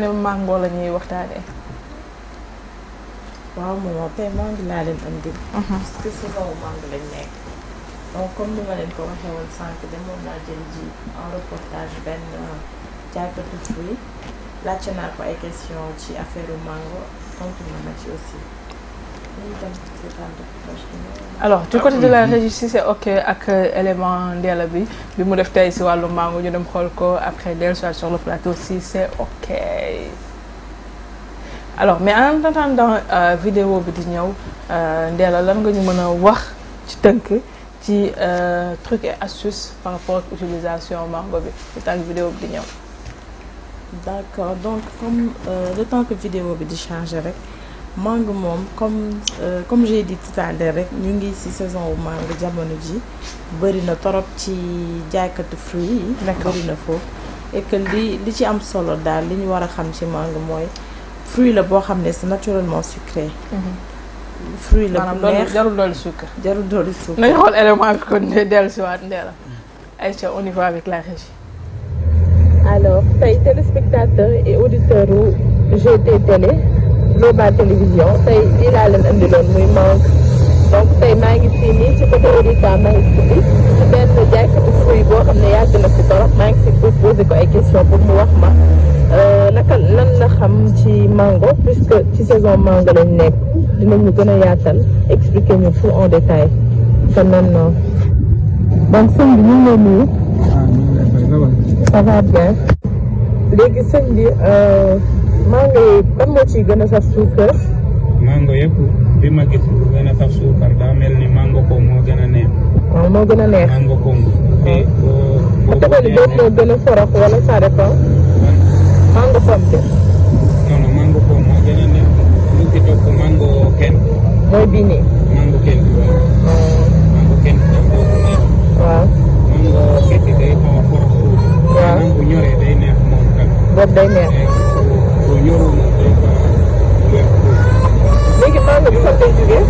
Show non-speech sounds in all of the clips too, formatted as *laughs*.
ne mango la ñuy vous waaw moom tey mango mhm. parce que saison mango lañ nekk. donc comme ni ma leen ko waxee woon sànq en reportage benn euh, question ci affaire mango aussi alors du ah côté de la régie c'est ok de élément ndeela bi bi mu def tey si wàllu mango ñu dem xool ko après d'elle sur le plateau si c'est ok alors mais en attendant euh, vidéo bi di ñëw euh, ndeela lan nga ñu mën wax ci astuces euh, truc et astuce par rapport à utilisation mango C'est le vidéo bi d'accord donc comme le temps que vidéo bi di avec mangue mom comme euh, comme j'ai dit tout à l'heure rek ñu ngi ci saison wu mangue jamono ji bëri na torop ci jaaykatu fruit yi bëri na foofu et que li li ci am solo dal li ñu war xam ci mangue moy fruit la bo xamné c'est naturellement sucré mhm. fruit la bu neex jarul doolu sucre jarul doolu sucre nañu xool élément bi kon ne dellu si waat ndeela Aïcha on y va avec la régie alors tey téléspectateurs et auditeurs u GT Télé Global Télévision tay lii laa leen andiloon muy manque donc tay maa ngi fii nii ci côté Oryza Maristes bi ci benn jaaykatu fruit boo xam ne yàgg na fi torop maa ngi si posé ko ay question pour mu wax ma euh, naka lan la xam ci mango puisque ci saison mango lañ nekk dinañu gën a yaatal expliquer ñu tout en détail sa nan noonu donc sëñ bi ñu ngi lay nuyu ah, ça va bien léegi sëñ bi euh, mango yi ban moo ciy gën a saf suukar. mango yëpp bi ma gis bu gën a saf suukar daa mel ni mango ko moo gën a neex. waaw moo gën a neex mango kongo. mais uh, boo boo tamit boobu moo gën a forox wala ça dépend. mango fam bi. non non mango ko moo gën a neex lu ci topp mango kenn. mooy bii nii. mango kenn bi waaw. mango kenn bi dafa neex. waaw. mango kekk day xaw a forox tuuti. waaw mango ñoree day neex moom tamit. boobu day neex. yoroo léegi mango bi fan lay jugee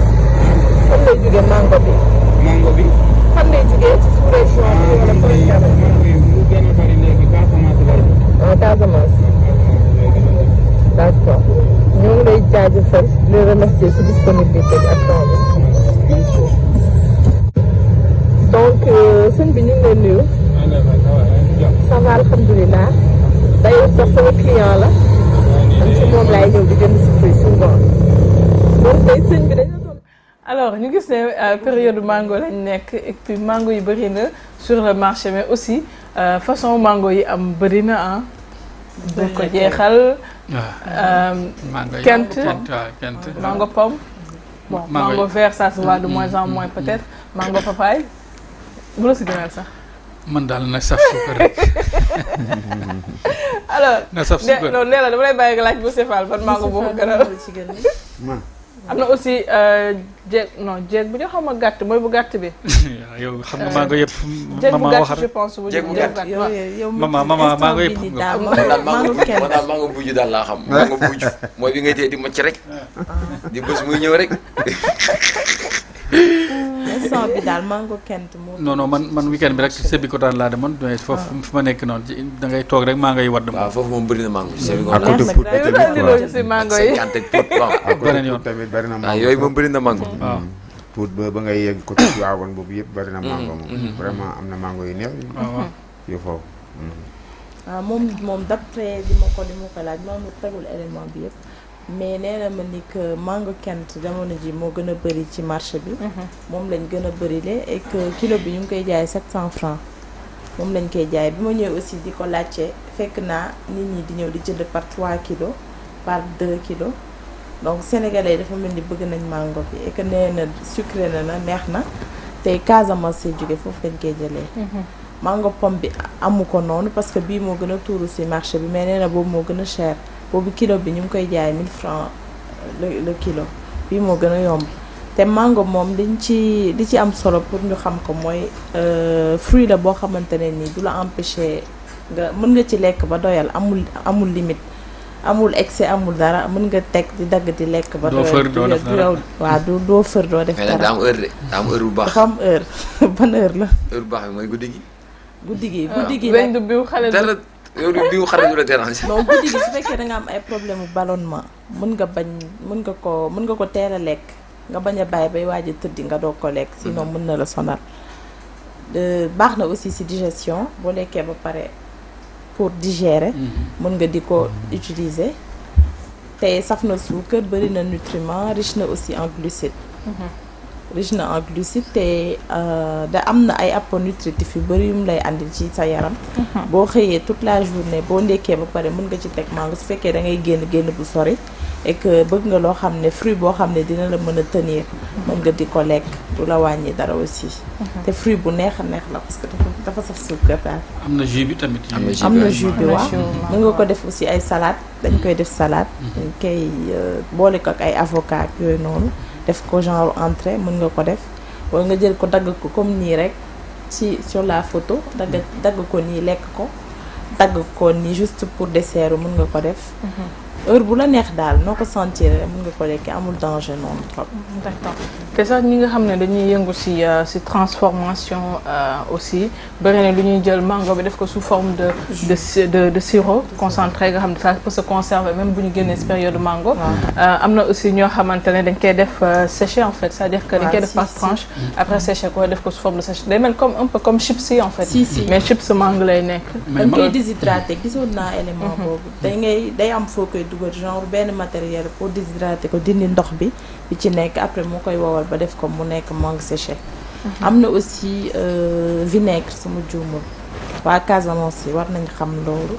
fan lay jugee mango bi. mango bi. fan lay lay jóg. Casamance. Ah, d' ñoo ngi lay jaajëfal di la remercier si disponibilité bi ak temps donc euh, sëñ bi ñu ngi lay nuyu. ça va alhamdulilah. sax sama client la. Alors, nous avons ñëw di alors période mango là, et puis mango yi bëri sur le marché mais aussi euh, façon mango yi am hein. il y a ko ah. euh, kent mango pomme. bon mango vert ça se voit de moins en mm, mm, moins mm. peut-être mango papaye vous la si gënal ça. man daal na saf suukar rek. *laughs* *laughs* na saf suukar non nee la dama lay bàyyi laaj bu Cefal fan maa ko bokk gënal. man am na aussi euh, jeeg non ma gàtt mooy bu gàtt bi. *laughs* yow xam maa yëpp. Euh, maman wax rek jeeg bu gàtt je pense bu bu gàtt yow nga. man daal man daal maa ngi buuj daal laa xam. maa ngi buuj mooy bi ngay tee di mocc rek. di bés muy ñëw rek. instant bi daal mango kent moo. non non man man weekend bi rek Sébikotane laa demoon foofu ah. fi ma nekk noonu ci toog rek mango yi wadd. waaw foofu moom bëri na mango. Mm. Sébikotane à côté Pout na ah, mango yooyu moom bëri na mango. waaw mm. ah. ba ba ngay yegg côté boobu yëpp bëri na mm-hmm. mango moom. Mm-hmm. vraiment am na mango yu ne waaw yu foofu. Mm-hmm. moom moom d'après li ma ko li ma ko laaj noonu tegul élément bi yëpp. mais nee na ma ni que mango jamono ji moo gën a bëri ci marché bi. Mhm. moom lañ gën a bërile et que kilo bi ñu ngi koy jaay 700 francs moom lañ koy jaay bi ma ñëwee aussi di ko laajte fekk naa nit ñi di ñëw di jënd par 3 kilos par 2 kilos donc sénégalais dafa mel ni bëgg nañ mango bi et que nee na sucré na na neex na te Casamance say jóge foofu lañ koy jëlee. Mhm. mango pomme bi amu ko noonu parce que bii moo gën a tuuru si marché bi mais nee boobu moo gën a cher. boobu kilo bi ñu ngi koy jaay 1000 francs le kilo bii moo gën a yomb te mango moom liñ ci li ci am solo pour ñu xam ko mooy euh, fruit la boo xamante ne nii du la empêcher nga mën nga ci lekk ba doyal amul amul limite amul excès amul dara mën nga teg di dagg di lekk. ba doyal doo def dara waaw doo fër doo def dara. daa am heure de daa am heure bu baax. *laughs* bi mooy guddi gi. guddi gi ah. guddi gi nag yow di diw xarit la déranger. non guddi gi su fekkee da nga am ay problème mu ballonnement mën nga bañ mën nga ko mën nga ko teel a lekk nga bañ a bàyyi bay waaj a tëddi nga doog ko lekk. sinon mm-hmm. mën na la sonal. baax na aussi si digestion boo lekkee ba pare pour digérer. Mm-hmm. mën nga di ko mm-hmm. utiliser. te saf na suukar bëri na nutriments riche na aussi en glucides. riche na en glucides te euh, da am na ay apports nutritifs yu bëri yum lay andil ci sa yaram. Mhm. boo xëyee tout la journée boo ndekkee ba pare mun nga ci teg maa mango su fekkee da génn génn bu sori et bëgg nga loo xam ne fruit boo xam ne dina la mën a tenir. mën nga di ko lekk du la wàññi dara aussi. Mhm. te fruit bu neex a neex la parce que dafa dafa saf suukar daal. am na jus bi tamit. am na jus bi waaw mën nga ko def aussi ay salaat dañ koy def salaat mhm. dañ koy euh, boole ko ak ay avocat yooyu noonu. def ko genre entrée mën nga ko def wala nga jël ko dagg ko comme nii rek ci sur la photo dagg mm-hmm. dagg ko nii lekk ko dagg ko nii juste pour dessert mën nga ko def mm-hmm heure bu la neex daal noo ko sentir mun nga ko lekk amul danger noonu trop. d'accord te ça ñi nga xam ne dañuy yëngu ci euh, ci transformation euh, aussi bëri na lu ñuy jël mango bi def ko sous forme de de de de sirop concentré nga xam ne ça peut se conserver même bu ñu génnee ci période mango. Euh, am na aussi ñoo xamante ne dañ koy def séché en fait c'est-à-dire que dañ koy def par tranche mm-hmm. après séché ko def ko sous forme de séché day mel comme un peu comme chips yi en fait. si si mais chips mango lay nekk. dañ koy déshydraté gisoon naa élément mm-hmm. boobu. day ngay day am foo koy dugal genre ben matériel pour déshydrater ko dindi ndox bi bi ci nek après mo koy wowal ba def ko mu nek mangue séché mhm. amna aussi aussi euh, vinaigre sama djoumou wa Casamance war nañ xam lolu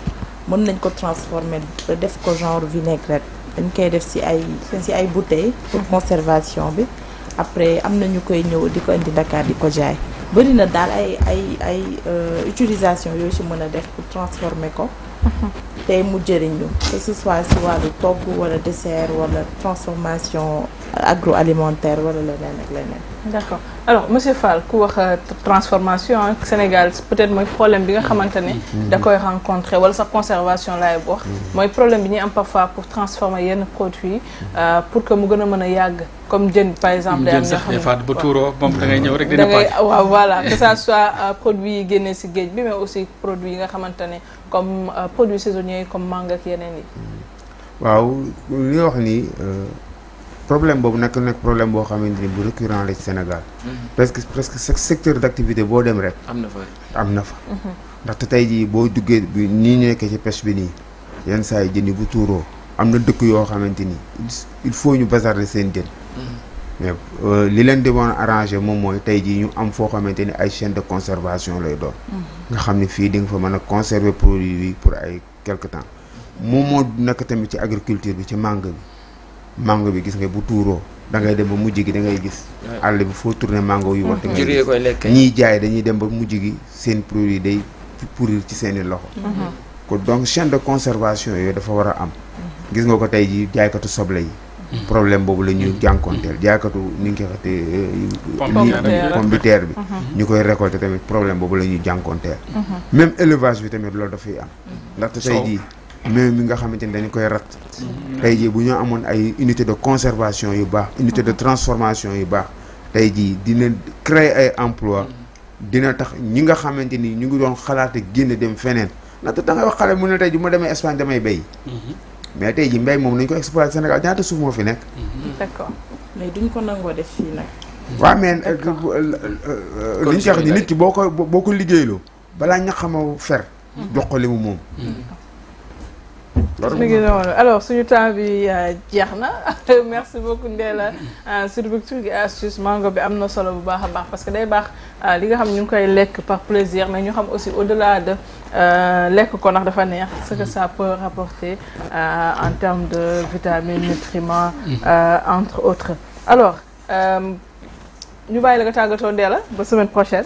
mën nañ ko transformer ba def ko genre vinaigrette dañ koy def ci ay ci ay bouteilles pour conservation bi après amna ñu koy ñëw diko ko indi Dakar diko ko jaay bëri na dal ay ay ay euh, utilisation yo ci mëna def pour transformer ko *laughs* tay mu jëriñu que ce soit si walu togg wala dessert wala transformation agroalimentaire wala leneen ak leneen. d' accord alors monsieur Fall ku wax euh, transformation hein, Sénégal peut-être mooy problème bi nga xamante ne. da koy rencontrer wala sax conservation laay wax. mooy problème bi ñuy am parfois pour transformer yenn produits euh, pour que mu gën a mën a yàgg comme jën par exemple. day am ñoo xam ba tuuroo moom da ngay ñëw rek dina. da ngay waaw voilà que ça soit euh, produit yi génnee si géej bi mais aussi produit yi nga xamante ne. comme euh, produits saisonniers comme mangue ak yeneen yi. waaw li nga wax ni euh, problème boobu nekk nekk problème boo xamante ni bu récurrent la ci Sénégal. Mhm. presque presque secteur d'activité boo dem rek. am na fa am na fa. Mhm. ndaxte tey jii boo duggee bi nii ñu nekkee ci pêche bi nii yenn saa yi jën yi bu tuuroo am na dëkk yoo xamante ni il faut ñu bazarder seen jën. Mhm. mais euh, li leen di woon arrangé moom mooy tey jii ñu am foo xamante ni ay chaîne de conservation lay doon. Mm-hmm. nga xam ne fii di nga fa mën a conserver produit bi pour ay quelque temps. moom moo nekk tamit ci agriculture bi ci mangue bi mangue bi gis nga bu tuuroo da ngay dem ba mujj gi da ngay gis. àll bi foo tourné mango yu. waxtu ngay gis mm-hmm. ñiy jaay dañuy dem ba mujj gi seen produit day pourrir ci seen i mm-hmm. donc chaîne de conservation yooyu dafa war a am. gis nga ko tey jii jaaykatu soble yi. problème boobu la ñuy jànkonteel jaaykatu ni ngi koy xatee eh, pomme bi mhm. ñu koy récolter tamit problème boobu la ñuy jànkonteel mhm. même élevage bi tamit loolu dafay am ndaxte tey jii même mi nga xamante ni dañu koy rat tey jii bu ñu amoon ay unité de conservation yu baax unité de mhm. transformation yu baax tey jii dina créer ay emploi dina tax ñi nga xamante ni ñu ngi doon xalaat génn dem feneen ndaxte da ngay wax xale mu ne tey ji ma demee Espagne damay béy mais tey ji mbéy moom nañu ko exploité Sénégal ñaata suuf moo fi nekk. Mm-hmm. d'accord mais duñ ko nangoo def fii nag. waaw mais euh, euh, euh, li ñu nit ki boo ko boo ko liggéeyloo balaa ñax ma fer. Mm-hmm. jox ko li mu moom. Mm-hmm. alors suñu temps bi euh, jeex na *laughs* merci beaucoup ndela. Euh, surtout truc astuce mango bi am solo bu baax baax parce que day baax euh, li nga xam ñu koy par plaisir mais nous xam aussi au-delà de lekk ko nak dafa neex ce que ça peut rapporter en termes de vitamines nutriments mm. entre autres alors ñu bàyyi la nga tàggatoo la ba semaine prochaine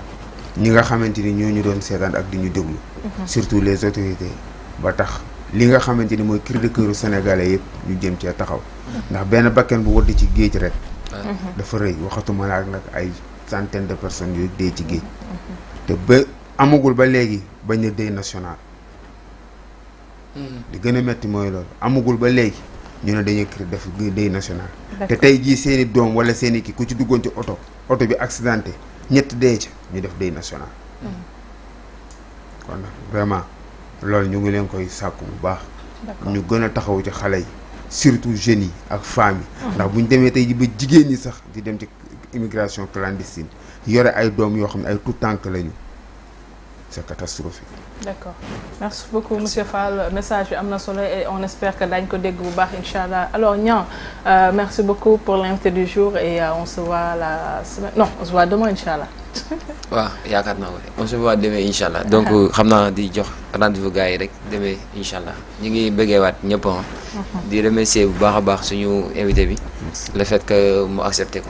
ñi nga xamante ni ñoo ñu doon seetaan ak di ñu déglu. Mhm. surtout les autorités ba tax li nga xamante ni mooy cri de cœur sénégalais yëpp ñu jëm cee taxaw. ndax benn bakken bu di ci géej rek. Mhm. dafa rëy waxatuma la nag ay centaine de personnes yu dee ci géej. Mhm. te ba amagul ba léegi bañ a deuil national. di hmm. gën a metti mooy loolu amagul ba léegi ñu ne dañuy créé def deuil national. te tey jii seen i doom wala seen i kii ku ci duggoon ci oto oto bi accidenté. ñett dee ca ñu def deuil national. Mm. kon vraiment loolu ñu ngi leen koy sàkku bu baax. ñu gën a taxaw ci xale yi surtout jeunes yi ak femmes yi. Mm. ndax bu ñu demee tey ba jigéen ñi sax di dem ci immigration clandestine yore ay doom yoo xam ne ay tout tànk lañu. c'est catastrophique. D'accord. Merci beaucoup, Monsieur Fall. message et on espère que vous allez bien. Alors, Nyan, euh, merci beaucoup pour l'invité du jour et euh, on se voit la semaine. Non, on se voit demain, Inch'Allah. *laughs* on se voit demain, Inch'Allah. Donc, ah. je vais rendez-vous demain, Inch'Allah. Nous ah. mhm. remercier beaucoup, beaucoup, le fait que vous acceptez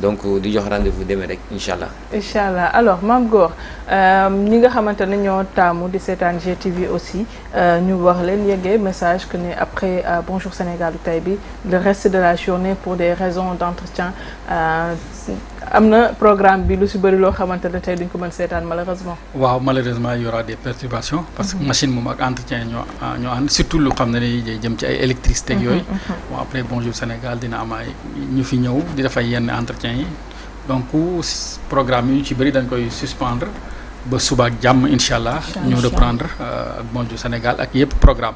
donc euh, di jox rendez-vous demain, rek Inshallah. alors Mame Gor euh, ñi nga xamante ñoo tamu di seetaan GTV aussi euh, ñu wax leen un message que après Bonjour Sénégal tay le reste de la journée pour des raisons d'entretien. am na programme bi lu si bëri loo xamante ne tey duñ ko mën seetaan malheureusement. waaw malheureusement y aura des perturbations. parce que mm-hmm. machine moom ak entretien ñoo ah, ñoo ànd surtout lu xam ne day jëm ci ay électricité ak mm-hmm, yooyu. bon mm-hmm. après bonjour Sénégal dina am ñu fi ñëw di def yenn entretien yi donc programme yi ci bëri dañ koy suspendre ba suba jàmm incha allah. ñu reprendre euh, ak bonjour Sénégal ak yëpp programme.